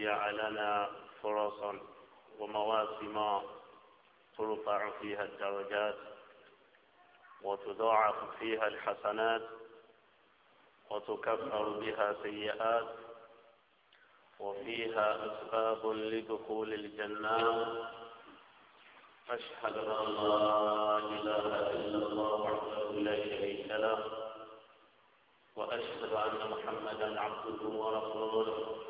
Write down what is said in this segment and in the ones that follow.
جعلنا فرصا ومواسم ترفع فيها الدرجات وتضاعف فيها الحسنات وتكفر بها سيئات وفيها أسباب لدخول الجنة أشهد أن لا إله إلا الله وحده لا شريك له وأشهد أن محمدا عبده ورسوله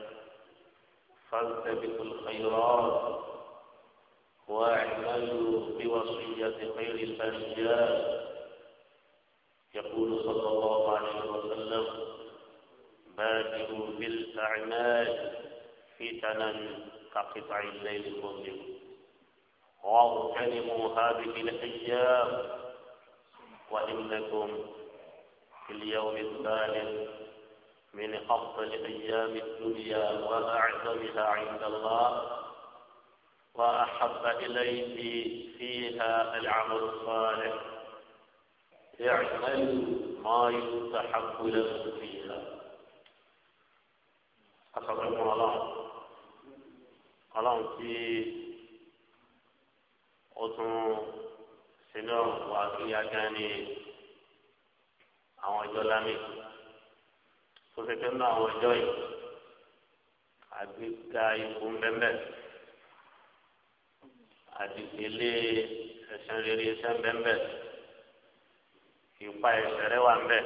فالتبت الخيرات واعملوا بوصية خير الأشياء يقول صلى الله عليه وسلم بادئوا بالأعمال فتنا كقطع الليل المظلم واغتنموا هذه الأيام وإنكم في اليوم الثالث من أفضل أيام الدنيا وأعظمها عند الله وأحب إليه فيها العمل الصالح يعمل ما يستحق له فيها أصدقكم الله الله في أتون سنو وأتون يا أو جلامي tó ṣe pé nínú àwọn ọjọ́ yìí àgbéga ipò mẹ́mẹ́ àdìgbélé ẹ̀sìn rere iṣẹ́ mẹ́mẹ́ ìpa ẹ̀sẹ̀ rẹ̀ wà mẹ́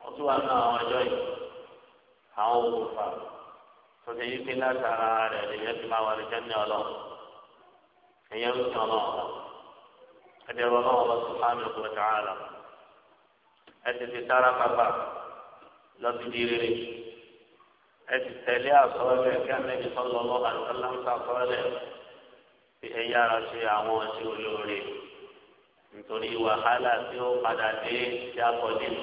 wọ́n tún wà nínú àwọn ọjọ́ yìí àwọn òkùnfà tó ṣe yí pé máa wà lẹ́jọ́ ní ọlọ́run ẹ̀yẹ́ ń tàn náà ẹ̀dẹ̀rọ̀ náà lọ sí fáwọn ọkùnrin tààlà ẹ̀ tètè sára pápá lọ́sí di rere ẹsì tẹ̀lé àsọ̀rọ̀lẹ̀ kí amẹ́bí sọ́lọ́ lọ́wọ́ àlùkálá ń sàkọ́rọ̀lẹ̀ fi ẹ̀yà ara ṣe àwọn ọtí olóore nítorí wàhálà tí ó padà dé tí a kọ́ nínú.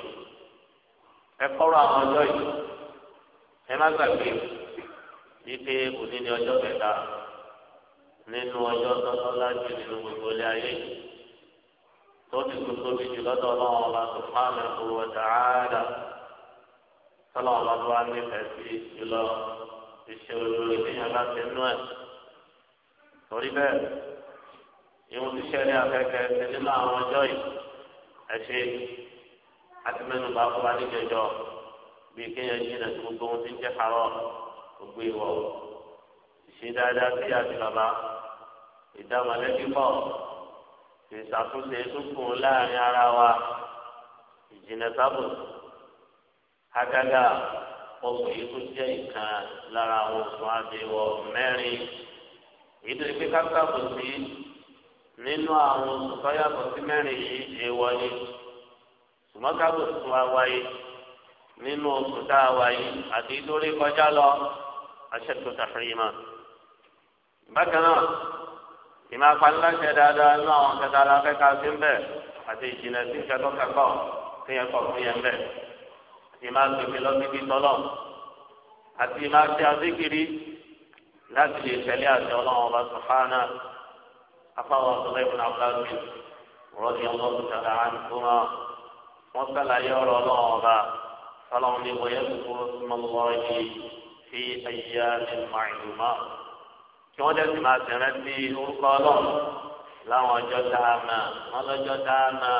ẹ kọ́rọ̀ àwọn ọjọ́ yìí ẹ má gbàgbé wípé òní ni ọjọ́ kẹta nínú ọjọ́ tọ́lọ́lá jù nínú gbogbo ilé ayé tó ti gbogbo méjì lọ́dọ̀ ọlọ́run ọba tó fáwọn ẹ̀kọ́ wọ̀ dáadáa sọlọ ọlọdún wa ní fẹsí jùlọ ìṣòro lórí kéèyàn bá ti nú ẹ torí bẹ́ẹ̀ ìwọn ti ṣẹlẹ̀ afẹkẹ ẹsẹ nínú àwọn ọjọ́ yìí ẹṣẹ àtìmẹnubà fún wa níjẹjọ bíi kéèyàn jìnnà tó gbogbo ohun tí ń jẹ kárọ gbogbo ìwọ ìṣe dáadáa sí àti bàbá ìdámalẹ́bí pọ̀ ìṣàtúnṣe tó kù láàrin ara wa ìjìnlẹ̀ sábò àgàgà oṣù yìí tó jẹ́ ìkan lára àwọn oṣù àbẹ̀wò mẹ́rin èyí tó ti pé káká kò sí nínú àwọn oṣù tó yàtọ̀ sí mẹ́rin yìí èèwọ̀ ni ṣùgbọ́n kábò tó wá wáyé nínú oṣù tá a wáyé àti lórí kọjá lọ aṣẹ́tò tàfírímà bákan náà ìmọ̀ apanilásẹ̀ dáadáa nínú àwọn kẹta aláfẹ́ká sí ń bẹ̀ àti ìjìnlẹ̀ sí ìkẹtọ́ kẹkọ̀ọ́ kéèyàn kọ̀ fún yẹn bẹ́ẹ̀ ìmá gbèmí lọ́sibí tọ́lọ̀ àti ìmá ṣe azikiri láti lè tẹ̀lé àti ọlọ́run ọba sọ̀fánà afáwọn ọ̀sọ̀rọ̀ ìbùnà abúlé rọ́ọ̀dì ọlọ́run tẹ̀lé àwọn ìfúnná wọ́n sàlàyé ọ̀rọ̀ ọlọ́run ọba sọlọ́run ní wọ́yẹ́ kúkúrú súnmọ́lọ́ yìí fi ayé ẹ̀mọ́ kí wọ́n dẹ́sì máa tẹ̀rẹ́ sí orúkọ ọlọ́run láwọn ọjọ́ tá a wọ́n lọ́jọ́ tá a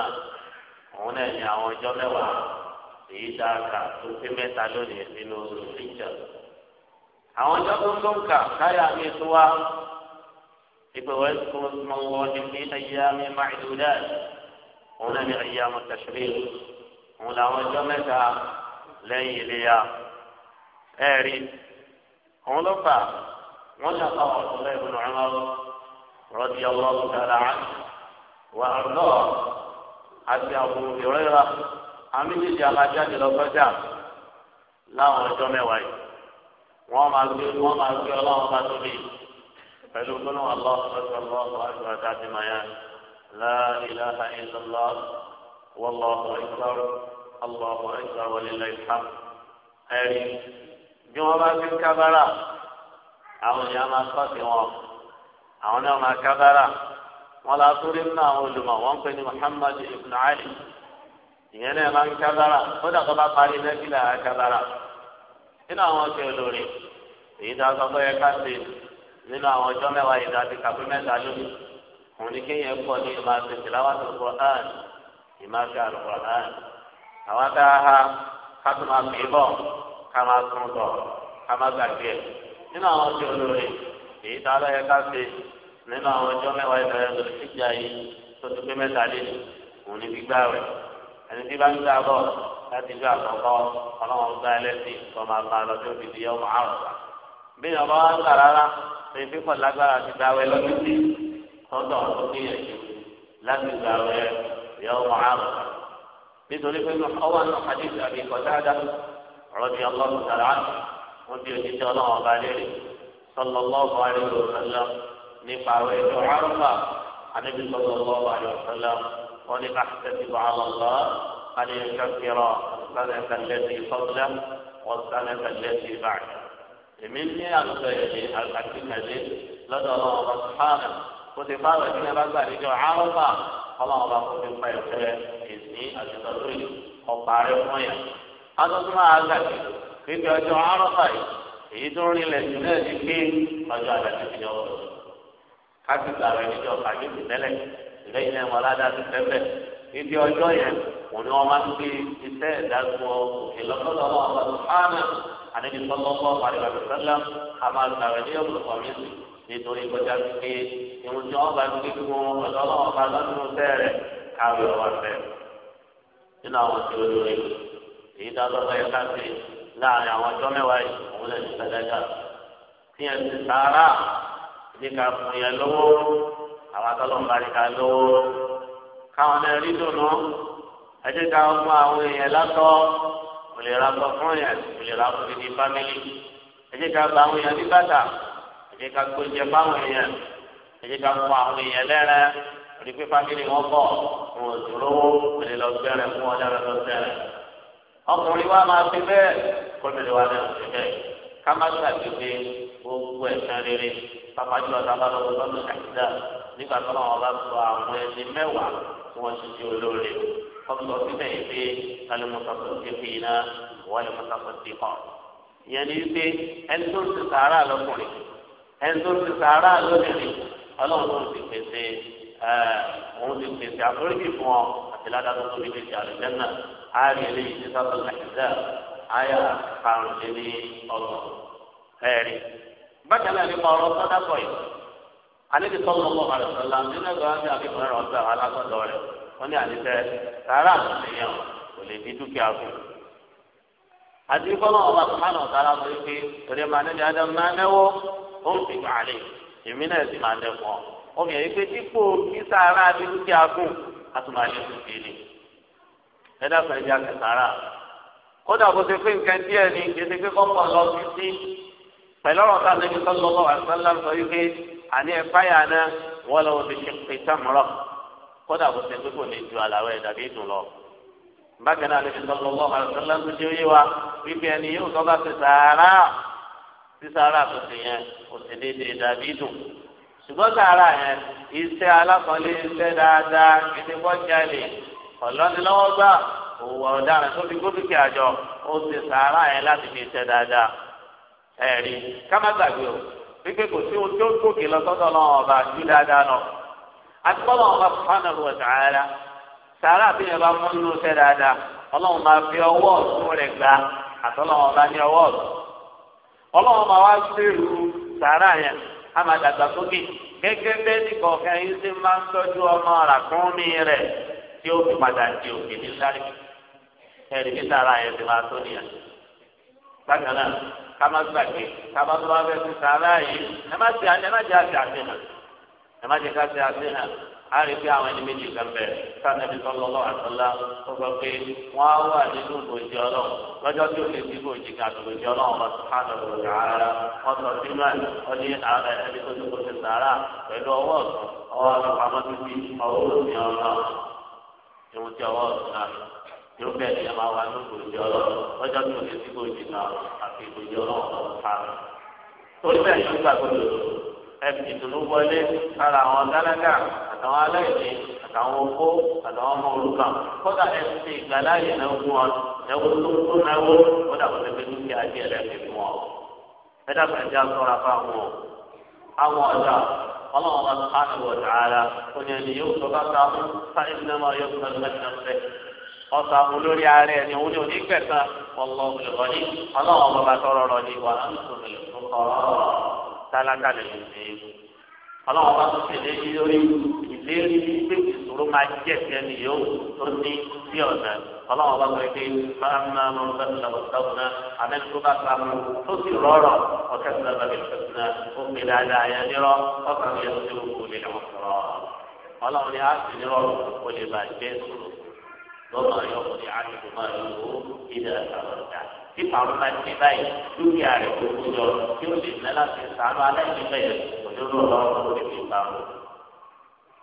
òun náà ní àwọn ọjọ́ mẹ́wàá èyí tá a kà tó pé mẹ́ta lónìí nínú ìjà. àwọn ọjọ́ tó ń tó ń kà káyà mi tó wá ìgbéwọ̀ ẹ̀sùn mọ́ wọn ní kí ayé mi máa ìlú dáa òun náà ní ayé àmọ́ tẹ̀sílẹ̀ òun làwọn ọjọ́ mẹ́ta lẹ́yìn iléyà ẹ̀rí òun ló fà wọ́n ṣàkà ọ̀sọ̀rọ̀ ìbùnú ọ̀rọ̀ rọ́bì ọlọ́run tààrà wà ọ̀dọ́ àti àbúrò ìrẹ́ra àmì jíjẹ alájáde lọ́sọ́jà láwọn ọjọ́ mẹ́wàá yìí wọ́n máa gbé wọ́n máa gbé ọlọ́run bá tóbi pẹ̀lú gbóná aláwọ̀sọ̀tọ̀ aláwọ̀sọ̀tọ̀ àti maya láìlá àìsànlá wọlọ́ọ̀hún ẹ̀sọ́rọ̀ aláwọ̀hún ẹ̀sọ́rọ̀ wọlélẹ̀ ìfàm. ẹ̀rí bí wọ́n bá gbé kábàrà àwọn èèyàn máa sọ́ọ̀tì wọn àwọn náà máa kábàrà wọn la tó àwọn olùmọ̀ wọn pè ní Muhammad ibn Ali ìyẹn náà máa ń kábàrà kódà tó bá parí nẹ́bílà kábàrà nínú àwọn ọ̀sẹ̀ olórí èyí tó aṣọ pé ẹ̀ka ṣe nínú àwọn ọjọ́ mẹ́wàá yìí láti kàpé mẹ́ta lónìí òun ni kéèyàn pọ̀ ní ìmọ̀ àti ìtìláwà tó kọ án ìmọ̀ àti àlùkò án àwọn tá a ha ká tó máa pè bọ̀ ká máa tún bọ̀ ká máa gbàgbé ẹ̀ nínú àwọn ọ̀sẹ̀ olórí èyí tó aṣọ ẹ̀ka ṣe nínú àwọn ọjọ́ mẹ́wàá yìí láti kàpé mẹ́ta lónìí òun ni gbígbá rẹ̀ ẹni tí bá ń gbà bọ̀ láti gbà àkọ́kọ́ ọlọ́wọ́n gba ẹlẹ́sìn tó máa bá lọ tó fi di ọmọ àrùn wa. bí ọba wa ń gbà rárá ṣe fífọ̀ lágbára ti dáwẹ́ lọ́dún sí tọ́tọ̀ tó níyànjú láti gbà wẹ́ di ọmọ àrùn wa. nítorí pé ọwọ́ náà hadith àbí kọjáda rọ́bì ọlọ́run tàrà wọ́n bí òjijì ọlọ́wọ́n bá léèrè sọlọ́lọ́ọ̀bù àríwọ̀ nípa àwẹ̀ ولم أحتسب على الله أن يكفر السنة التي قبله والسنة التي بعده مني أنصيري الأكيد لدى الله سبحانه وتقال إن بذلك عرفة فلا أبقى في الخير إذني أجدري أقارب ميا هذا ما أزكي في بيت عرفة يدعوني لجنة ذكي فجعلت في يوم حتى تعالى يجب أن lẹ́yìn náà wọn aládàá ti fẹ́fẹ́ ibi ọjọ́ yẹn wọn ni wọn máa ń gbé iṣẹ́ ìdágbọ́ ìlọ́kọ́lọ́ wọn àwọn ọ̀hánà àdébí sọ́lọ́kọ́ àdébàbí sẹ́lá àmà àgbàrẹ̀ ní ọ̀pọ̀ kọ̀míìsì nítorí kọjá pé ìwọ̀n tí wọ́n bá gbé fún ọ̀dọ́ ọlọ́wọ́ bá lọ́dún bẹ́ẹ̀rẹ̀ káwé ọ̀wọ́ bẹ́ẹ̀ nínú àwọn tí ó lórí èyí dájọ́ bẹ́ẹ̀ káfí láàrin àwọn ọjọ́ mẹ́wàá yìí òun lè ní sàdájà tí ẹ ti sàárà ní ká fún yẹn lọ́wọ́ àwọn atọ́lọ́mù bá ti ká lówó káwọn náà rí dùnú ẹjẹ́ ká mú àwọn èèyàn látọ̀ kò lè ra bọ́ fún yẹn kò lè ra fún ibi fámìlì ẹjẹ́ ká gba àwọn èèyàn ní bàtà ẹjẹ́ ká gbóúnjẹ fáwọn èèyàn ẹjẹ́ ká fún àwọn èèyàn lẹ́rẹ́ orí pé fámìlì wọn bọ̀ wọn ò dúró kò lè lọ gbẹrẹ fún ọjà rẹ lọ́sẹ̀rẹ̀ ọkùnrin wa máa fi bẹ́ẹ̀ kó lè wà náà fi bẹ́ẹ̀ ká má gbàgbé gbogbo ẹ̀sán rere pápájọ́ ọ̀tá bá lọ́wọ́ nígbà tó náà wọn bá sọ àwọn ẹni mẹ́wàá tí wọ́n ti di olóore ọ̀sọ̀ síbẹ̀ yìí pé alimusafo ti fi iná wọ́n alimusafo ti hàn. ìyẹn ni wípé ẹni tó ti sàárà lọ́kùnrin ẹni tó ti sàárà lóbìnrin ọlọ́run tó ti pèsè òun ti pèsè àforíjì fún ọ àti ládàá tó tóbi ti àlùjẹ́ náà á rí eléyìí ti sábà nàìjíríà áyà karùn-ún ní ọ̀sán ẹ̀rí. bákan náà nípa ọ̀rọ̀ sọ́dá kọ̀yìn alẹ́bi sọ́kọ́ ọmọ rẹ̀ sọ́la nínú ẹgbẹ́ wọn ní akẹ́kọ̀ọ́ rẹ̀ ọ̀sẹ̀ alágbọ̀dọ̀ rẹ̀ wọ́n ní àlẹ́fẹ́ rárá àtúnyẹ̀wò kò lè ní dúkìá kù. àti ìfọ́nà ọba sùmánà ọ̀sára sọ pé torí ẹ̀ máa nẹ́bi adam máa nẹ́wọ́ ó ń fi gbàlè èmi náà sì máa nẹ́kọ̀ ó fi ẹ̀yìn pé dípò kí sàárà bí dúkìá kù a tún máa lè tún fi ni. ẹ dákun ẹja kẹsàrà kódà kó ṣe pé nǹkan díẹ̀ ni kì í ṣe pé kọ́kọ́ lọ sí sí pẹ̀lú ọ̀rọ̀ tá àní ẹ̀fáyà náà wọ́n lọ́wọ́ ti ṣe pé támúrọ̀ kódà kò ṣe pé kò ní ju àlàó ẹ̀ dàbí ìdùn lọ. bákan náà níbi sọ́kọ̀ lọ́wọ́ àlùfẹ́lá tó ṣe yé wa wípé ẹni yóò tọ́ bá ti sàárà tí sàárà tó ṣe yẹn kò sì déédéé dàbí ìdùn. ṣùgbọ́n sàárà yẹn iṣẹ́ alákọ̀ọ́lé iṣẹ́ dáadáa kìtìkọ́jálè ọ̀lọ́nilọ́wọ́ gbà òwò ọ̀daràn tó fi gómìnkì àjọ ó ti sàárà yẹn láti fi iṣẹ́ dáadáa ẹ̀rí ká wípé kò sí ohun tí ó gòkè lọ sọ́dọ̀ ọlọ́run ọba ju dáadáa lọ àti bọ́lá ọba fúnà lọ sàárà sàárà bí yẹn bá mú nínú sẹ́ dáadáa ọlọ́run máa fi ọwọ́ ọ̀tún rẹ̀ gbà àtọ́lọ́run ọba ní ọwọ́ ọ̀tún ọlọ́run máa wá sẹ́rù sàárà yẹn a máa dàgbà sókè gẹ́gẹ́ bẹ́ẹ̀ ní kọ̀ọ̀kan yìí máa ń tọ́jú kama gbàgbé kaba tó bá fẹ́ fi sàrà yìí ẹ má ti ẹ má jẹ́ àti àfihàn ẹ má jẹ́ ká ti àfihàn a rí pé àwọn ẹni méjì kan bẹ̀ sànẹ́bí sọlọ́lọ́ àtọ́lá ó sọ pé wọ́n á wà nínú ìbòjì ọlọ́run lọ́jọ́ tí ó lè fi ìbòjì kan àtòbòjì ọlọ́run lọ sùn fáànù ìbòjì ara wọ́n sọ sínú ẹ̀ wọ́n ní ẹni tó ti kó ti sàrà pẹ̀lú ọwọ́ ọ̀sán ọwọ́ ọ̀sán pamọ́ títí ọwọ́ òsì ọlọ́run ìwọ̀n ti ọwọ́ ọ̀sán yóò fẹ́ ẹ̀yà máa wà ní ìbòjì ọlọ́run lọ́jọ́ tí òde náà àti torí bẹ́ẹ̀ ẹbí wọlé lára àwọn àtàwọn aláìní àtàwọn àtàwọn ọmọ ẹ ti wọn tó fún ẹ ọ̀sà olórí ààrẹ ẹni òun ni òní kẹta ọlọ́ olùrọ̀lì ọlọ́run bàbá tọrọ rọ ni wà á tó lè tó kọ́ tálákà lè lè lè ọlọ́run bá tó tẹ̀lé lórí ìlérí pé ìṣòro máa jẹ́ ẹni yóò tó ní bí ọ̀nà ọlọ́run bá gbé fáwọn ọmọ bá ti lọ sọ́kùn náà àbẹ́ni tó bá ta mú tó sì rọrọ̀ ọ̀kẹ́ tó lọ bẹ̀rẹ̀ sọ́kùn náà lọ́nà ayọ̀kùnrin àdìgbò máa lò ó ilé àtàlọ́jà. tí pàrọ̀ bá ti báyìí dúkìá rẹ̀ tó kú yọ tí ó lè ná láti sàánú aláìní bẹ́ẹ̀ òjòrò lọ́wọ́ lórí fi pàrọ̀.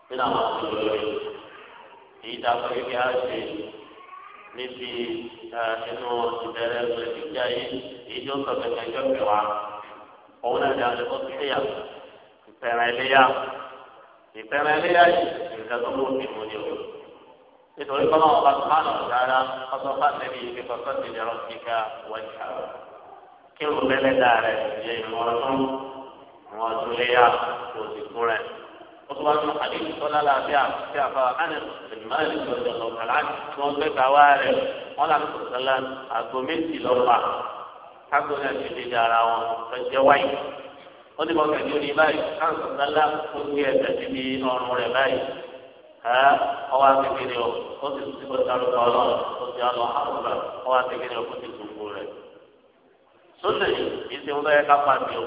nínú àwọn àtúntò rẹ̀ èyí tá a sọ wípé a ṣe níbi inú ìbẹ̀rẹ̀ rẹ̀ ìjà yìí èyí tó sọ kẹ̀kẹ́ jọ kẹwàá òun náà ni àlẹ́ fọ́tún léyà ìfẹ̀rẹ̀ léyà ìfẹ̀rẹ̀ léyà yìí nǹkan tó lóògì mú ni nítorí kọ́nà ọba tó máa nà sára ọsọ fásitì ìfi kọ́kọ́ ti lọ́rọ́ kíkà wọ́n ṣá o. kí o bẹ́lẹ̀ dà rẹ̀ ṣe ìwọ̀n ọdún ìwọ̀n ọdún léyà kò sì kún rẹ̀. ó tún wá tún àdéhùn tó lálẹ́ àbí àti àfa àná ìmọ̀lẹ́ tó jọ lọ kàlá tí wọ́n gbé gbà wá rẹ̀ wọ́n lànà tó sẹ́lẹ̀ àgbo méjì lọ́pàá kágbó náà ti di ara wọn tó jẹ́ wáyé. ó ní bọ́ ọwọ́ akékeré o ó ti tún kó dárúkọ ọlọ́run ó ti àlọ́ àkùrà ọwọ́ akékeré o kó ti gbogbo rẹ̀. sóde yìí ti ń bá yẹ ká pàdé o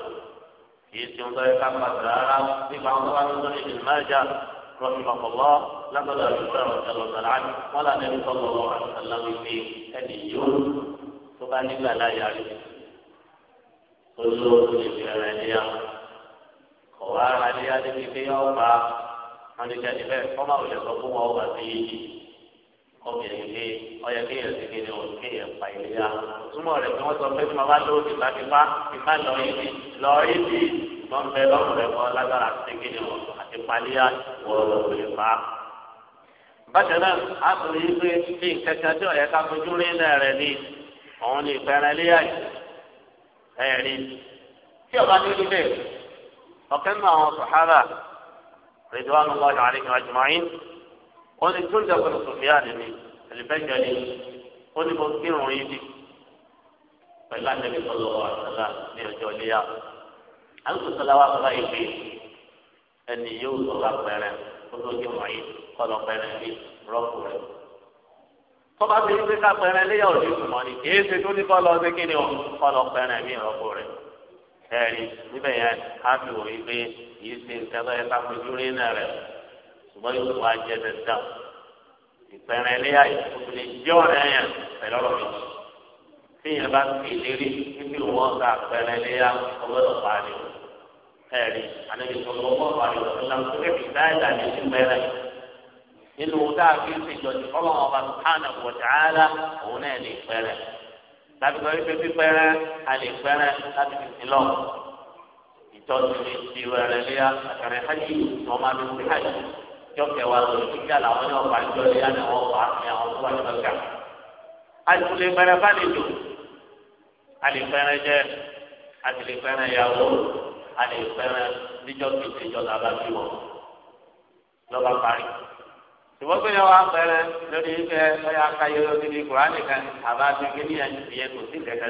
yìí ti ń bá yẹ ká pàdé rárá nípa àwọn ọmọ akẹ́kọ̀ọ́ ní ìlú májà رحمه الله لقد أبو رضي عنه ولا النبي صلى الله عليه وسلم في أديون فقال لا يعرف كل رسول في wọn ti jáde bẹ́ẹ̀ kọ́má ò lè sọ fún wọn ó wà sí yìí obìnrin pé ọyọ kéèyàn ti kéde o kéèyàn pa ìlera túmọ̀ rẹ̀ pé wọ́n sọ pé tí màmá ló ti bá ti bá ti bá lọ ibi lọ ibi wọ́n ń bẹ lọ́rùn rẹ̀ kọ́ lágbára ti kéde o àti palíà wọ́n lọ pè é pa. bákan náà a kò rí pé bí kẹkẹ tí ọ̀yẹ́ ká fojú rí náà rẹ̀ ni òun ni ìfẹ́ràn léyà ẹ̀rí tí ọba tó dúdẹ̀ رضوان الله عليهم أجمعين وأن جندب بن سفيان البجلي وأن مسكين عيدي فلا النبي صلى الله عليه وسلم لأجوليا أنت صلوات غيبي أن يوسف أكبر وأن معين قال أكبر لي ربه tọ́ba ti ń gbé ká pẹ̀rẹ́ léyà òde ìtumọ̀ ni kì í ṣe tó ní kọ́ lọ sí kíni o kọ́ lọ pẹ̀rẹ́ mi ìrọ́pò rẹ̀ ẹ̀rí níbẹ̀ yẹn á fi wòye pé kìí ṣe nǹkan tó yẹ ká fojú rí náà rẹ ṣùgbọ́n yóò wá jẹ dandan ìpẹ̀rẹ̀ ẹlẹ́yà ìfúnni jẹ́ ọ̀rẹ́ yẹn pẹ̀lú ọ̀rọ̀ mi tí yẹn bá ti lérí níbi wọn ká pẹ̀rẹ̀ ẹlẹ́yà ọgbọ́dọ̀ parí ẹ̀rí ànábi tó lọ́wọ́ parí ọ̀sán tó lè fi dáadáa ní ti pẹ̀rẹ̀ nínú dáàbí ìṣèjọ́sí ọlọ́run ọba sùhánà wọ̀tàálà òun náà lè pẹ̀rẹ̀ láti sọ wípé lè pẹ́rẹ́ láti fi tọ́jú ti wẹ̀rẹ̀ léyà àtàrẹ hajj ọmọ mi ti hajj jọ́kẹ́ wa lọ kíkà làwọn yóò bá jọ léyà ní wọn bá ní àwọn tó wà ní ọjà. àtìlè fẹ́rẹ́ bá lè lò àlè fẹ́rẹ́ jẹ́ àtìlè fẹ́rẹ́ yàwó àlè fẹ́rẹ́ níjọ́ kejì ìjọba bá bí wọn lọ́ba parí. ṣùgbọ́n pé yàwó àpẹẹrẹ lórí ife ọyà akáyọ níbi kùránì kan àbá ti gbé níyànjú ìyẹn kò sí kẹ̀kẹ́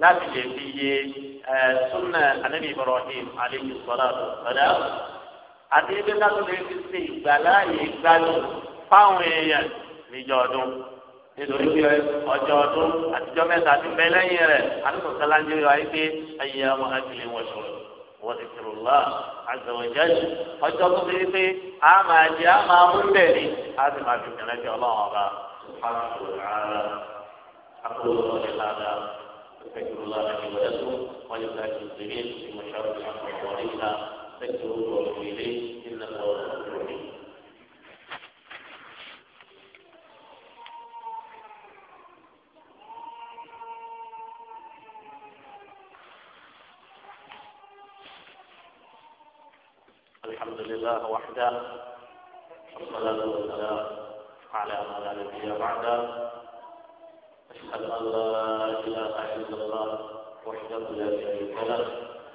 láti lè fi yé ẹ súnà ànábì Ibrahim aleyhi sọlá sọlá àti ibi láti lè fi ṣe ìgbàláyè ìgbàlù fáwọn èèyàn níjọ ọdún nítorí pé ọjọ́ ọdún àtijọ́ mẹ́ta ti bẹ lẹ́yìn rẹ̀ àtúntò sáláńjẹ́ yọ ayé pé ayé ọmọ akéwì wọ̀ ṣòro wọ́n ti tẹ̀rù lọ́wọ́ àgbẹ̀wòjáde ọjọ́ tó ti pé a máa jẹ a máa mú bẹ́ẹ̀ a sì máa fi kẹ̀lẹ́kẹ̀ ọlọ́run ọba. أستغفر الله لي ولكم ولسائر المسلمين في مشارق الأرض ومواليها استغفروه وأتوب إليه إنه هو الغفور الرحيم الحمد لله وحده والصلاة والسلام على من لا نبي بعده أشهد أن لا إله إلا الله وحده لا شريك له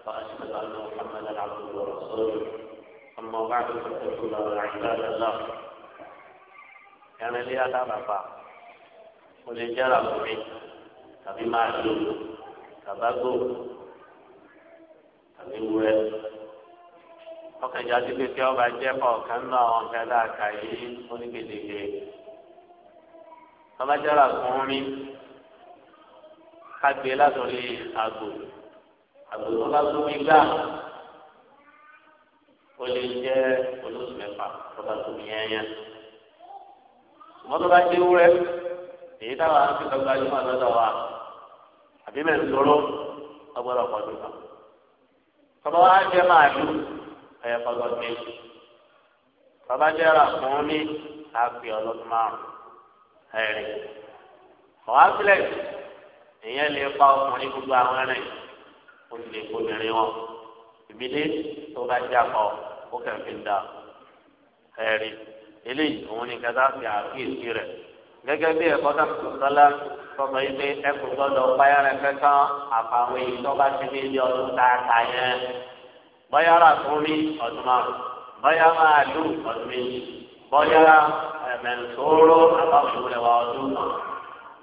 وأشهد أن محمدا عبده ورسوله أما بعد فاتقوا الله عباد الله كان لي هذا رفع ولجرى مؤمن tàbí máa lò tàbágò tàbí wúrẹ ọkàn jáde pé kí ọba jẹ́ kọ̀ọ̀kan náà àwọn ọ̀gá dáa kà yí onígbèdéke babajara kún mi kagbe látọ̀lé àgbò àgbò tó bá tó mi gbà ó lè jẹ́ olóṣù mẹ́fà tó bá tó mi yẹ́nyẹ́ mọ́tò bá dé wúrẹ́ èyí táwa ń fi gbàgbà yóò máa lọ́dọ̀ wa àbí mẹ́rin lóró ọgbọ́dọ̀ pọ̀ tó kàn tọ́ba wa jẹ́ màálù ẹ̀yẹ pọ̀lọ́dún bàbá jẹ́ra fún mi àgbẹ̀ ọlọ́dún márùn ẹ̀rí ọ̀wá sílẹ̀ ìyẹn lè pa ọkùnrin gbogbo àwọn ẹ̀rìn ó sì lè kóbìnrin wọn ìbílẹ̀ tó bá jẹ́ àpọ̀ ó kàn fi da ẹ̀rí eléyìí òun ni kẹta fi àkíyèsí rẹ̀ gẹ́gẹ́ bí ẹ̀kọ́ dàpọ̀ sọ́lá sọ́mọ yìí pé ẹkùn gbọ́dọ̀ báyàrá kankan àfàwọn èyí tó bá ti ní ilé ọdún dáadáa yẹn báyàrá fún mi ọdún márùn báyàrá àlù ọdún méjì bọ́yá ẹ̀mẹ̀sọ́rọ́ àbáwọlé wa ọdún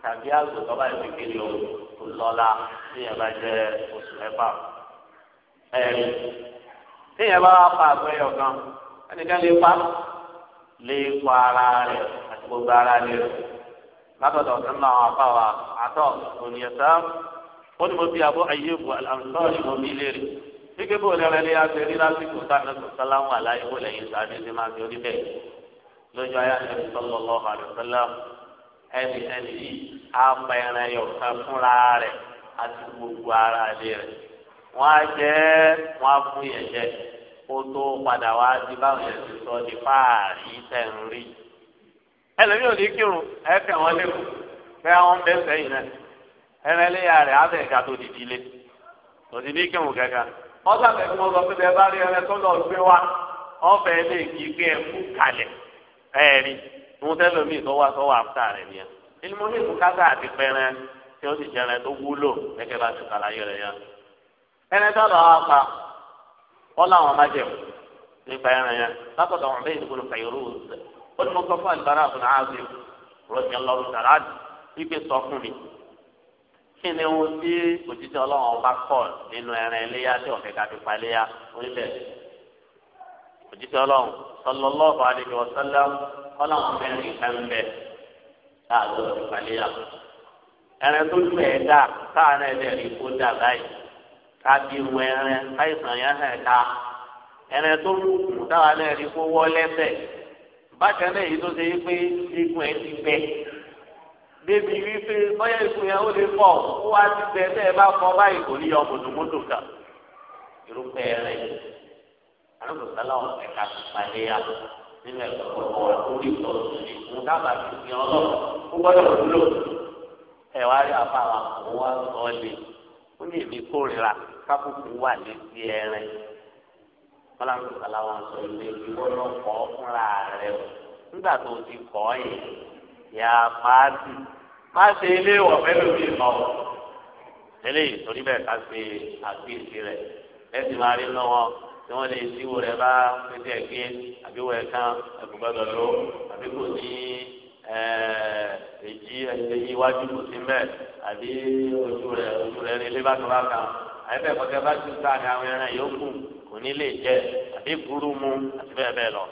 tàbí àgbò tó bá ti kéde o kò lọ́la tíyẹn bá jẹ oṣù mẹ́fà. ẹ̀rí tíyẹn bá wà pa àgbẹ̀ yọ̀kan ẹnìkan lè pa lè kọ ara rẹ̀ àti gbogbo ara rẹ̀ látọ̀dọ̀ ọ̀sán náà wà pa wà àtọ̀ ònìyẹ̀sá wọ́n ní mo bí abọ́ ayé bu àlàmùsọ́ọ̀lì gbígbé bò lẹ́rẹ́ lé aṣọ lásìkò sáà ní sọ́sálàmù àlàyé wò lẹ́yìn sáà ní ti máa fi orí bẹ́ẹ̀ lójú ayé àti sallallahu alaihi wasallam ẹni ẹni yìí á pa ẹran ẹyọ kan fúnra rẹ̀ àti gbogbo ara ilé rẹ̀ wọ́n á jẹ́ wọ́n á fún yẹn jẹ kó tó padà wá di báwọn yẹn ti sọ di fáàrí tẹ̀ ń rí ẹlẹ́mi ò ní kírun ẹ̀fẹ̀ wọn lérò fẹ́ wọn bẹ́ẹ̀ sẹ́yìn náà ẹ̀rẹ́ léyà rẹ̀ abẹ́ ẹ̀ka tó dìdí ilé òdì ní kírun kankan wọ́n sábẹ̀ fún wọn sọ pé bẹ́ẹ̀ bá rí ẹrẹ tó lọ gbé wa wọ́n lè kí gbé ẹ̀kú kalẹ̀ ẹ̀rí ìwọ́n tẹ́lẹ̀ omi ìtọ́wà sọ́wọ́ àfúta rẹ̀ nìyẹn nínú mo ní ìbùkátà àti pẹ́rẹ́ tí ó sì jẹrẹ tó wúlò gẹ́gẹ́ bá ti kàlàyé rẹ̀ yẹn. ẹni tó lọ wá pa wọ́n láwọn má jẹun nípa ẹran yẹn látọ̀dọ̀ wọn bẹ́ẹ̀ ìdúgbò fẹ̀yìn rú ó ní mo sọ fún àlùbárà àbùnà áàbì rọ̀jìn lọ́rùn sàláàdì wípé sọ fún mi kí ni ohun tí òjijì ọlọ́run ọba kọ̀ nínú ẹran iléyà tí ọ̀fẹ́ òjíṣẹ́ ọlọ́run sallallahu alaihi wa sallam ọlọ́run mẹ́rin ìkan bẹ káàdó ìpàlẹ́yà ẹran tó ju ẹ̀dá káàárẹ̀ lẹ́rìí kó dà báyìí kábí wọ ẹran káìsàn yẹn hàn ká ẹran tó kó wọ́ lẹ́sẹ̀ bákan náà èyí tó fọ báyìí kò ní àlùkò sálà ọ̀sẹ̀ ká pàdé yà nínú ẹ̀kọ́ ọ̀pọ̀ orí ìtọ́jú ní ìdábàá ti fi ọlọ́run ó gbọ́dọ̀ wúlò ẹ̀ wá rí apá àwọn àkọ́wọ́ wa sọ ọ́ lé ó ní èmi kórìíra kábùkù wà létí ẹrẹ kọláńtò sálà sọ ilé ìwọ náà kọ́ fúnra rẹ nígbà tó ti kọ́ yìí yà máa ti má ṣe ilé ìwọ̀ pẹ̀lú mi mọ́ ọ. eléyìí torí bẹ́ẹ̀ ká ṣe àkíyèsí rẹ̀ ẹ tí wọ́n lè ṣíwó rẹ̀ bá pété ẹ̀gbẹ́ àbíwọ̀ ẹ̀kan ẹ̀gbọ́dọ̀ ló àbí kò ní èjì ẹ̀yí iwájú kò sí mẹ́ẹ̀ àbí ojú rẹ̀ ojú rẹ̀ ní ilé bákan bákan àyẹ̀fẹ́ kọ́tẹ́ bá tún sáà ní àwọn ẹran yòókù kò ní lè jẹ àbí burú mu àti bẹ́ẹ̀ bẹ́ẹ̀ lọ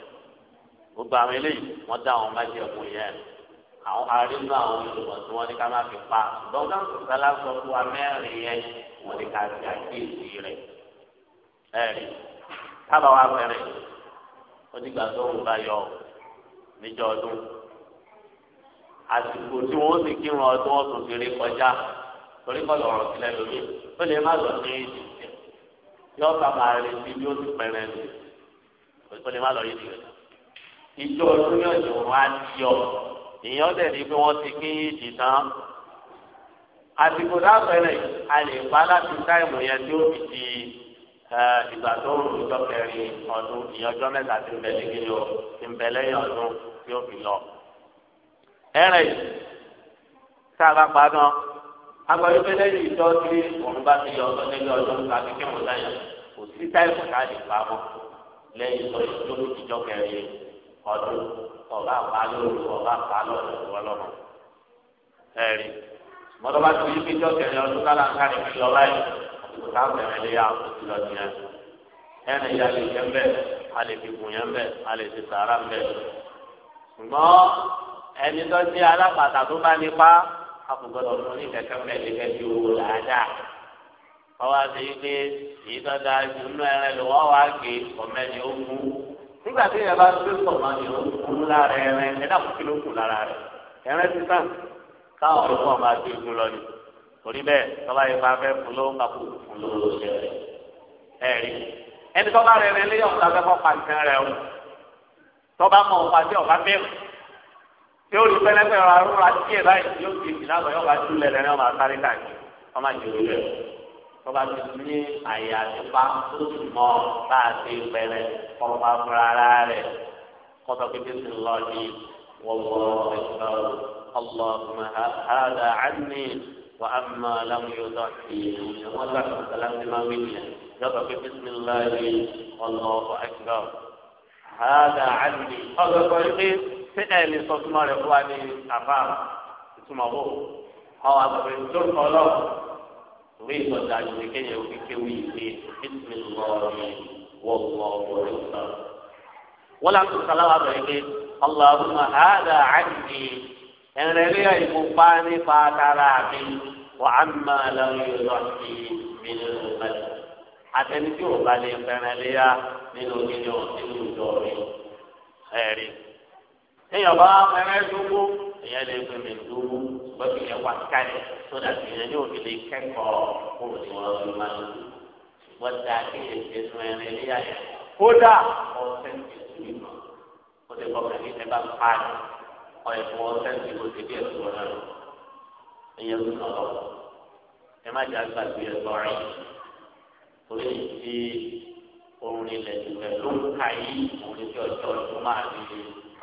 gbogbo àwọn eléyìí wọ́n dá àwọn májè ẹ̀kú yẹn àwọn arínú àwọn olùkọ́ tí wọ́n ní ká má fi pa ṣùgbọ́n ká ń sọ̀tà sábà wà pẹ̀rẹ̀ onígbà tó ń bá yọ níjọ ọdún àsìkò tí wọ́n ti kírun ọdún ọ̀sùn ti rí kọjá torí kọ́lọ̀ ọ̀rọ̀ sílẹ̀ lómi ó lè má lọ sí èyí yọ bàbá rẹ̀ sí bí ó ti pẹ̀rẹ̀ lù ó lè má lọ yìí nìyẹn ìjọ ọdún yóò jù wọ́n á ti yọ èèyàn dẹ̀ ní pé wọ́n ti kí ìdì tán àsìkò dápẹ́rẹ́ a lè pa láti táìmù yẹn tí ó fi di ìgbà tó ń lò ọjọ́ kẹrin ọdún ìyẹn ọjọ́ mẹ́ta ti ń bẹ ní kíni o ti ń bẹ lẹ́yìn ọdún tí ó fi lọ. ẹ̀rẹ̀ tá a bá pa gan agbáyé pé lẹ́yìn ìjọ tí òun bá ti yọ ọdún níbi ọdún tàbí kí wọn lẹ́yìn kò sí táìpù ká lè pa mọ́ lẹ́yìn ìjọ tó ló ìjọ kẹrin ọdún ọba pa lóru ọba pa lọ́dún ọlọ́mọ. ẹ̀rí mọ́tò bá ti yí pé ìjọ kẹrin ọdún kálá káwọn ẹ̀rẹ́ lè yá àwọn ti lọ sí ẹ. ẹnì ìyá lè yẹ mbẹ alẹ́ fi gùn yẹ mbẹ alẹ́ fi sàárà mbẹ. ṣùgbọ́n ẹni tó ti alápàtà tó bá nípa àkùgbọ́dọ̀ fún ní kẹ̀kẹ́ mbẹ lè kẹ́ ju owó làádáa. ọwọ́ àti ike èyí tó da ju inú ẹ̀rẹ́ lò wọ́n wá gé ọmọ ẹni ó nígbà tí ìyá bá gbé pọ̀ mọ́ ni ó kú lára ẹ̀rẹ́ ẹ̀dá kò kí ló kù lára rẹ̀ ẹ̀rẹ́ ti tàn káwọn ọ̀rọ̀ pọ̀ máa gbé egun ni torí bẹ́ẹ̀ tọ́lá yìí máa fẹ́ fún ló ń bá kú fún ló ló ṣe rẹ̀ ẹ̀ rí ẹni tó bá rẹ̀ rẹ̀ lé yọ̀ǹda fẹ́ fọ́ pàṣẹ rẹ̀ o tó bá mọ̀ ọ̀pá tí ọ̀bá bẹ̀rù tí ó rí pẹ́lẹ́pẹ́ ọ̀rọ̀ arúgbó àti díẹ̀ báyìí yóò ti ìlànà yóò bá túlẹ̀ rẹ̀ náà máa sáré káàkiri wọ́n máa rẹ̀ tó bá ti ní àyà tó sì mọ́ bá a ti pẹ̀lẹ́ ọ̀pá وأما لم يضحي وضع سلام مامية جرب بسم الله والله أكبر هذا عني هذا طريقي سألي صوت ماري فلاني أفا ثم هو هو أبو جرب الله ويسو دعني كي يوكي بسم الله والله أكبر ولا تصلى عليه اللهم هذا عني ẹ̀rẹ̀ lé ìfúnpá nípa tara mi wà á máa lọ lọ sí mi nínú ìbàdàn. Atẹni tí ò bá lè fẹ́rẹ̀ lé yá nínú nínú nínú ìjọ mi ẹ̀rí. Èèyàn bá fẹ́rẹ̀ dúró, èèyàn lè fi mi dúró, ṣùgbọ́n kì í yẹ wá kálẹ̀ tó dàbí ìyẹn ní òbí lè kẹ́kọ̀ọ́ kó o ti wọ́n lọ máa lò. Ṣùgbọ́n kí lè ṣe sun ẹ̀rẹ̀ lé yá Kódà ọ̀sẹ̀ ti sùn ìmọ̀, ó ti kọ́ ọyẹ fún wọn kò sí bí ẹ̀sùn náà lọ ẹ̀yẹ ń sọ lọ ẹ má jà gbàgbé ẹ lọ rẹ torí ti orin ilẹ̀ ìgbẹ́ ló ń ka yìí òun ti ọjọ́ ọdún máa di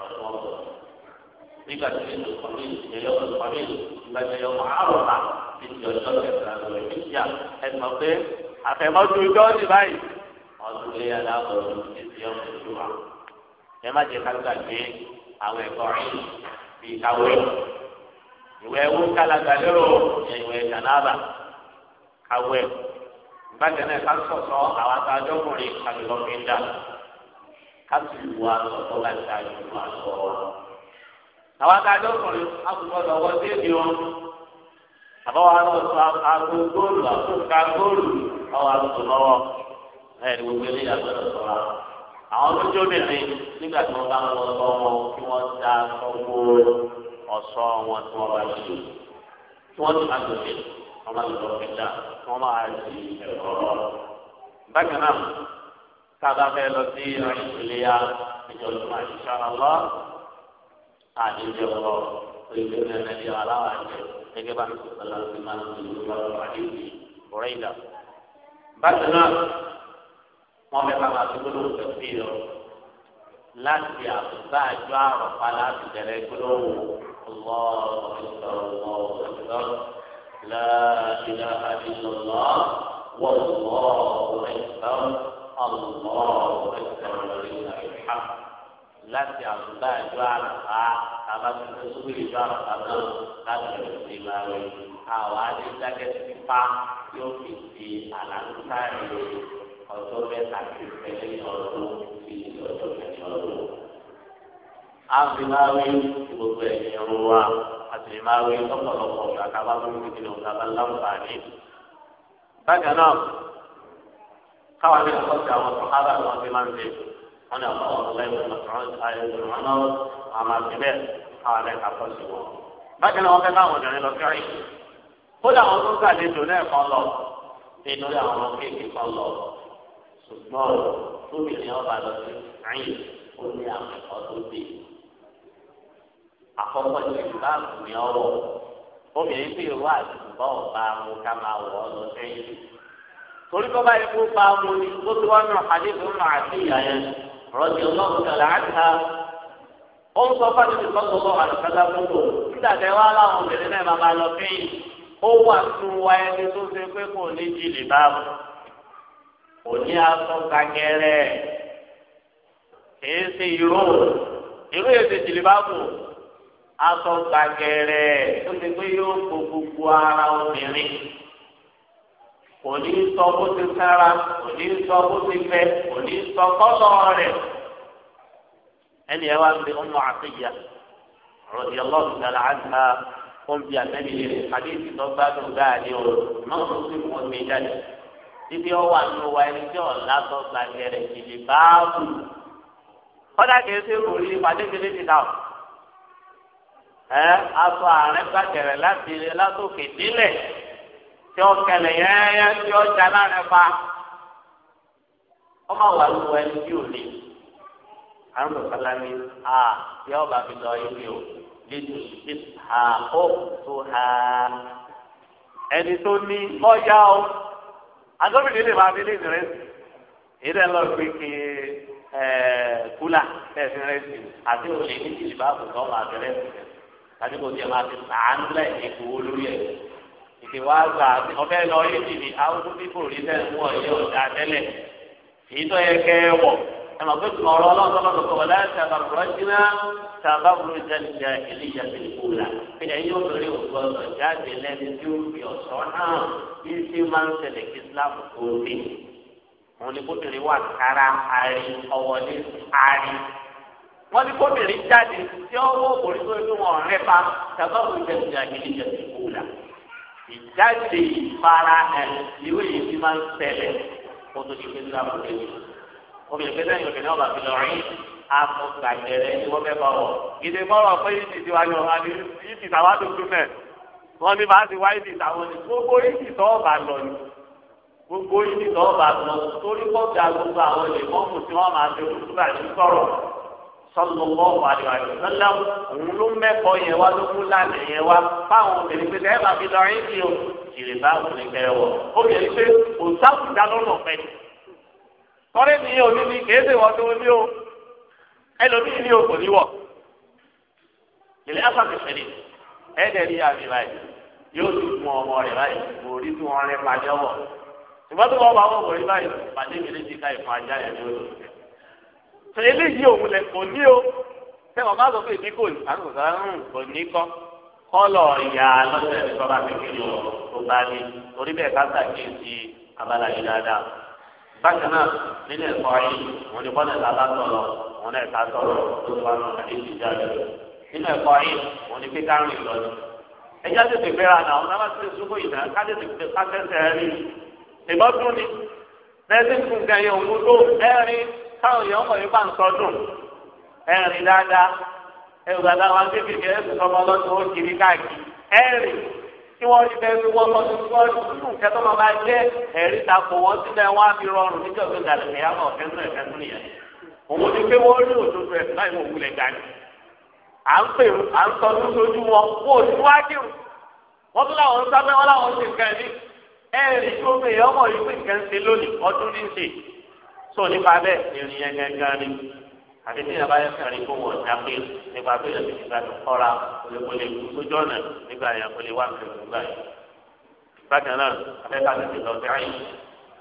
ọdún ọgbọ̀n nígbà tí ní ìlú kọ́mí ìyẹyọ ọdún kọ́mí ìgbà tí ìyẹyọ màárùn bá ti di ọjọ́ kẹta lọ ẹ̀mí ìyá ẹ sọ pé àfẹ̀mọ́jú ọjọ́ ti báyìí ọdún ilé aláàbọ̀ ọdún ti di ọmọ ẹ má jẹ ká gbàgbé àwọn ẹ̀kọ́ rẹ̀ bíi káwé ìwé ewu kálàgbà lérò ìwé ìdànàbà káwé bákan náà ká sọ̀sọ́ àwọn àtàjọ́kùnrin kàbílọ́gbìndà ká sì wù aṣọ tó bá ti àjò wù aṣọ wa. àwọn àtàjọ́kùnrin akùnkọ̀dọ̀ wọ sí èdè wọn àbáwọ̀ àlọ́sọ àgbo góòlù àkókò góòlù ọwọ́ àlọ́sọ lọ́wọ́ ẹ̀ ní gbogbo àwọn olójóbìnrin nígbà tí wọ́n bá ń lọ sọ wọn kí wọ́n da gbogbo ọ̀ṣọ́ wọn tí wọ́n bá lò tí wọ́n ti máa gbòmí wọ́n máa lọ fìdá wọ́n máa di ẹ̀rọ. bákan náà tábà fẹ́ lọ sí ìrìnàjò ìjọba ìṣàlá lọ àdéjọ lọ ìlú nàìjíríà aláwọ̀ àjẹ gẹ́gẹ́ bá mi sọ̀rọ̀ láti máa ń lò lọ́wọ́ àdéjì bọ̀rẹ́dà. bákan náà wọn bẹ bàbá tó gbólóhùn tó fi lọ láti àbúgbà àjọ àròpá láti tẹ̀lé gbólóhùn ọlọ́ọ̀lọ́ láàbílà àdìlọ́lọ́ wọ́ọ̀lọ́ ẹ̀fọ́ ọlọ́ọ̀ ẹ̀fọ́ ìlà ìhà láti àbúgbà àjọ àròpá tàbá tó tó tó ìjọ àròpá náà láti ẹ̀rọ sí máa rẹ̀ àwọn adé dákẹ́ ti pa yóò fi di àlàáfíà rẹ̀ ọ̀dọ́ mẹ́ta ti tẹ̀lé ọdún sí ọdún mẹ́ta ọdún. a fi máa wí gbogbo ẹ̀yìn ọ̀rọ̀ wa a sì máa wí lọ́pọ̀lọpọ̀ ọ̀gá kábà fún kíkiri ọ̀gá bá láǹfààní. bákan náà káwọn ní ọkọ̀ sí àwọn sọ̀hábà tí wọ́n fi máa ń ṣe wọ́n ní ọ̀pọ̀ ọ̀gá ìwọ̀n ọ̀sán kódà wọn tó ń gbàlejò náà kan lọ nítorí àwọn kéèké kan lọ ṣùgbọ́n lóbìnrin ọba lọ sí àyìn ó ní àwọn ẹ̀kọ́ tó dé. àkọ́kọ́ ní ìbáàmù ní ọwọ́ obìnrin bí ìwọ àti ìbọ̀ ọba mu ká máa wọ̀ ọ́ lọ sẹ́yìn. torí kọ́ bá ikú mu ni ó ti wọ́n àti ìyá yẹn àtà. ó ń sọ fáwọn tó bọ̀ nígbà tẹ wá láwọn obìnrin náà máa lọ òní aṣọ kakẹrẹ kìí ṣe ìró ìró èsì jìlìbáàbò aṣọ kakẹrẹ tó ti pé yóò kó gbogbo ara obìnrin òní sọ bó ti sára òní sọ bó ti fẹ òní sọ ẹni ẹ wá ń bẹ ọmọ àtẹyà rọdí ọlọ́run dàlá àgbà ó ń bi àtẹnìyẹ àdéhùn tó gbádùn gáà n'i o náà ibi ọwọ àti ọwọ ẹni tí ọ̀ lásán gbàgẹ̀rẹ̀ ìdí báàbù. kọ́dà kìí ṣe rò rí pàdé kìíní ti dà ọ́. ẹ aṣọ ààrẹ gbàgẹ̀rẹ̀ láti ilé látòkè dílẹ̀ tí ó kẹlẹ̀ yẹ́yẹ́ tí ó jà láàrin pa. ọmọ wà ló wọ ẹni tí ò lè. àwọn ọ̀sán mi à tí ọba fi lọ ibi ò dídú ìhà ó tó ha ẹni tó ní ọjà ó agbófinrin lè máa fi ní ìrẹsì ìrẹ lọ pé kí kúlà tẹsí rẹsì àti òní ní ìjìbá àbùkọ máa fi rẹsì tàbí kò tiẹ̀ máa fi sàánú láì ní ìkówó lórí ẹ̀ ìdè wa gbà ọbẹ̀ lọ yé ti ní àwọn fúnfífò rí bẹ́ẹ̀ mú ọ̀yẹ́ ọ̀dà tẹ́lẹ̀ èyí yẹ kẹ́ wọ̀ ẹ̀mọ̀ pé kò ọ̀rọ̀ ọlọ́ọ̀tọ́lọ́tọ̀ kò wọlé tàbàrọ̀jìnà tàbàrọ̀jà ìjà ìlíjà ìfúra pé ẹ̀yin obìnrin ò gbọdọ̀ jáde lẹ́ni tí ó fi ọ̀sọ́ náà bí ṣe máa ń ṣẹlẹ̀ kí Islam kò dé. wọn ní kóbìnrin wà kára ari ọwọ́ ní ari. wọn ní kóbìnrin jáde tí ó wọ òkòrí tó inú wọn rẹ pa tàbàrọ̀jà ìjà ìlíjà ìfúra. ìjáde ìfara ẹ̀ ìwé yìí fi máa ń ṣẹlẹ̀ kó tó ti fi obìnrin pé lẹ́yìn obìnrin ọba fi lọ rí amúgbàjẹrẹ ni wọ́n fẹ́ bá wọ̀. ìdè bọ́lọ̀ pé yìí ti ti wáyé ọ̀hún àti yìí ti tàwa tuntun náà wọ́n ní bá ti wáyé ti tàwọn ni gbogbo yìí ti tọ́ ọ̀bà lọ ni gbogbo yìí ti tọ́ ọ̀bà lọ torí kọ́ta gbogbo àwọn ilé mọ́kù tí wọ́n máa fi olùkúgbà ní sọ̀rọ̀ sọlọmọ àdìwàdì lọlá òun tọ́lé ní yóò ní ní kìí ṣe wọ́n tó ní o ẹlòmíì ní o kò ní wọ̀ ilé afáàkì ṣẹlẹ̀ ẹ̀ẹ́dẹ̀ rí àmì báyìí yóò ti mú ọmọ rẹ̀ báyìí kò rí tí wọ́n rẹ̀ pàjẹ́ wọ̀ ìgbà tó wọ́n bá wọ̀ wọ̀ rí báyìí pàdé mi lè ti ká ìfọ̀ ajá yẹn ní olóòtú ṣe eléyìí òun lẹ kò ní o ṣé wọn bá sọ pé ìdí kò ní àti kò sára ń kò ní kọ́ kọ́lọ̀ ìyá lọ́sẹ̀ ní sọ́ba kékeré o tó bá ní torí bẹ́ẹ̀ ká sàkíyèsí abala yìí dáadáa. bákan náà nínú ẹ̀kọ́ ayé wọn ni bọ́lẹ̀ tàbá tọ̀lọ̀ wọn náà ta tọ̀lọ̀ tó wà nù ẹ̀jẹ̀ jáde nínú ẹ̀kọ́ ayé wọn ni pé kárùn ìlọ ẹjá tètè gbéra náà wọn náà ti sùkú ìdá kájé tètè káfẹ́sẹ̀ rí ìbọ́dún ni òun tó káwọn èèyàn mọ̀ nípa dáadáa dáadáa wọn tí wọ́n rí bẹ́ẹ̀ wọ́n lọ sí wọ́n nínú nǹkan tó máa máa jẹ́ ẹ̀rí takò wọ́n síbẹ̀ wọ́n á fi rọrùn níjọ́ tó dàlẹ̀ ní ọ̀fẹ́ tó ẹ̀fẹ́ tó nìyẹn. òun ti pé wọ́n rí òdodo ẹ̀fẹ́ láì mọ̀ òwúlẹ̀ ga à ń pè à ń sọ ní lójú wọn kó o tún wá kírun. wọ́n tún láwọn sábẹ́ wọn láwọn sì nǹkan ní. ẹ̀rí tó gbé ọmọ yìí pé nǹkan ṣe lónìí ọdún ní ṣe. sọ nípa bẹ́ẹ̀ ni àti tí yàrá yẹn kàrí kó wọ̀ dáké nípa pé yẹn ti gbàdúrà kọ́ra olèkòlè sójú ọ̀nà nígbà yẹn kò lè wá nǹkan tó gbà yẹn. bákan náà afẹ́ká ti tètè ọ̀sẹ̀ ayé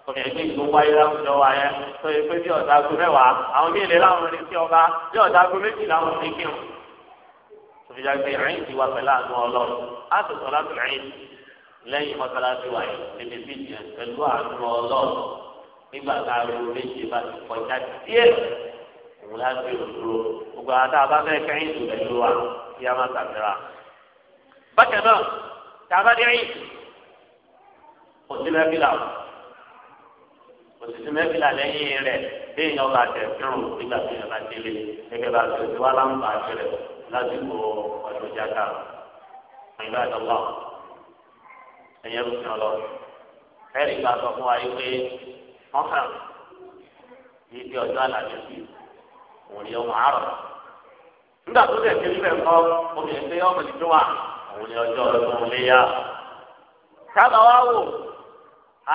òkè ẹgbẹ́ ìlú wáyé láwùjọ wa yẹn tó yẹ pé bí ọ̀dágun mẹ́wàá àwọn mí lè láwọn orin sí ọba bí ọ̀dágun méjì láwọn orin kí wọn. òfìjà gbé ẹ̀yìn ti wá pẹ̀lú àánú ọlọ́run á tó sọ láti ẹ̀yìn lẹ́yìn mọ́sálásí wa yẹn níbi bí ìyẹn pẹ̀lú àánú ọlọ́run nígbà tá a ro méjì bá ti kọjá díẹ̀ òun láti òdúró gbogbo àwọn tá a bá fẹ́ kẹ́yìn tó pẹ̀lú wa kí a má tàbíra. bákan náà tá a bá dé ẹ̀yìn kò sí mẹ́fìlà kò sì sí mẹ́fìlà lẹ́yìn rẹ̀ lẹ́yìn ọba àtẹ̀sírùn nígbà tí a bá délé gẹ́gẹ́ bá tó ti wá láǹfààní rẹ̀ láti kó ọdún jáká. ìgbà tó lọ ẹ̀yẹ́ ló sàn lọ ẹ̀rí gbà sọ fún wa yìí pé wọ́n kàn yìí ti ọjọ́ àlàyé sí òun ni ọmọ àárọ̀ nígbà tó dẹ̀ kiri bẹ́ẹ̀ kọ́ obìnrin pé ọmọ ìjọ òun ni ọjọ́ ọdún léyà sábà wá wò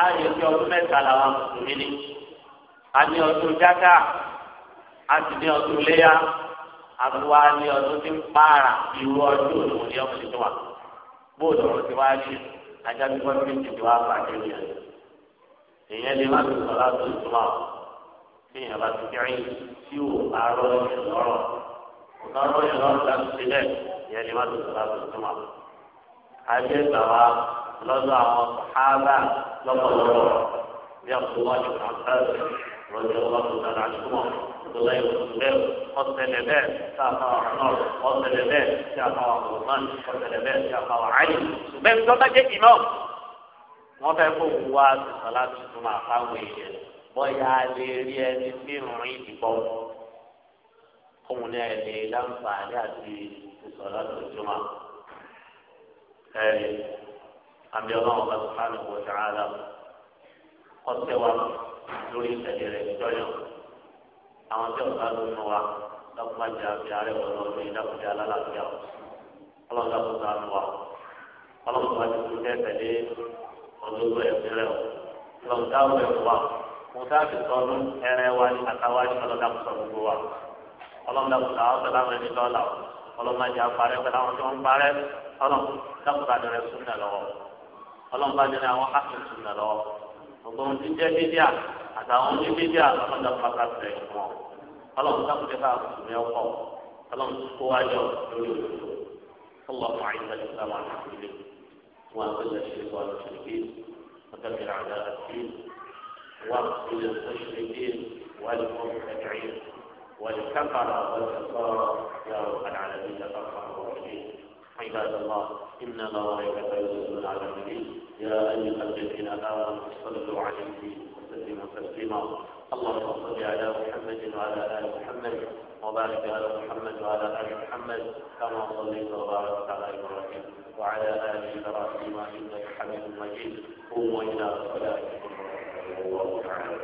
ààyè fi ọdún mẹ́ta làwọn mùsùlùmí ni a ní ọdún jáká a sì ní ọdún léyà a tún wá ní ọdún tí ń pààrà irú ọdún òun ni ọmọ ìjọ wa bóòdù ọ̀rọ̀ ti wá rí ajá bí wọ́n ti ń tètè wá pàdé rẹ̀ ìyẹn lè má tó sọ̀rọ̀ àtúntò máa téèyàn bá ti kẹ́rin tí ò arọ́ yẹn lọ́rọ̀ lọ́rọ̀ yẹn lọ́rọ̀ láti sílẹ̀ yẹn ni wọ́n ti sọ̀rọ̀ àti ìtumọ̀. ajé gbà wá lọ́dọ̀ àwọn sàhábà lọ́pọ̀lọpọ̀ bí àkùnwọ́n ti kàn sáré lọ́dọ̀ ọlọ́dún dára àdúgbò ìtòlẹ́ ìwòsùnlẹ̀ ọ̀sẹ̀lẹ̀ bẹ́ẹ̀ tí a fa ọ̀rọ̀ náà ọ̀sẹ̀lẹ̀ bẹ́ẹ̀ tí a fa ọ̀rọ̀ náà ọ̀sẹ̀lẹ̀ bẹ́ẹ̀ tí a fa ọ̀rọ̀ ayé. bẹ́ẹ̀ ni tọ́ta ìmọ̀ wọ́n fẹ́ kó wá sọ̀lá tuntun àfáwọ̀ èèyàn bọ́yá lè rí ẹni tí rìn ìdìbò fóun náà lè láǹfààní àti ìsọ̀rọ̀ lójúmọ́. ẹ̀rí sùpánù kò wa lórí rẹ̀ jọyọ̀ àwọn tí ló wa àti wọn ní ìdákùnrin alálàáfíà ọlọ́run dákùnrin sàánù wa ọlọ́run bá ti kú ní ẹ̀tẹ̀lé ọdún ẹ̀sìn rẹ̀ wa. mùsáàfì sọdún ẹrẹ wa ní àtàwá ní ọlọ́dàkùn sọ gbogbo wa ọlọ́dàkùn sọ àwọn pẹ̀lú àwọn ẹni lọ́la ọlọ́mọdé àparẹ́ pẹ̀lú àwọn tí wọ́n ń parẹ́ ọlọ́dàkùn bá dẹrẹ súnmọ́ lọ́wọ́ ọlọ́mọdé dẹrẹ àwọn hàkì súnmọ́ lọ́wọ́ gbogbo ohun tí jẹ́ dídíà àtàwọn ohun tí dídíà ọlọ́dàkùn bá ká tẹ̀ fún ọ ọlọ́dàkùn tẹ̀ káà kùsùn ní ọkọ̀ ọlọ́dàkùn kó wájọ lórí òṣèlú اللهم اعز الاسلام على المسلمين واذل الشرك والمشركين ودمر اعداء الدين واغفر المشركين والمبتدعين والكفر والكفار يا رب العالمين ارحم الراحمين عباد الله ان ملائكته يصلون على النبي يا ايها الذين امنوا صلوا عليه وسلموا تسليما اللهم صل على محمد وعلى ال محمد وبارك على محمد وعلى ال محمد كما صليت وباركت على ابراهيم وعلى ال ابراهيم انك حميد مجيد قوموا الى صلاتكم رحمه الله تعالى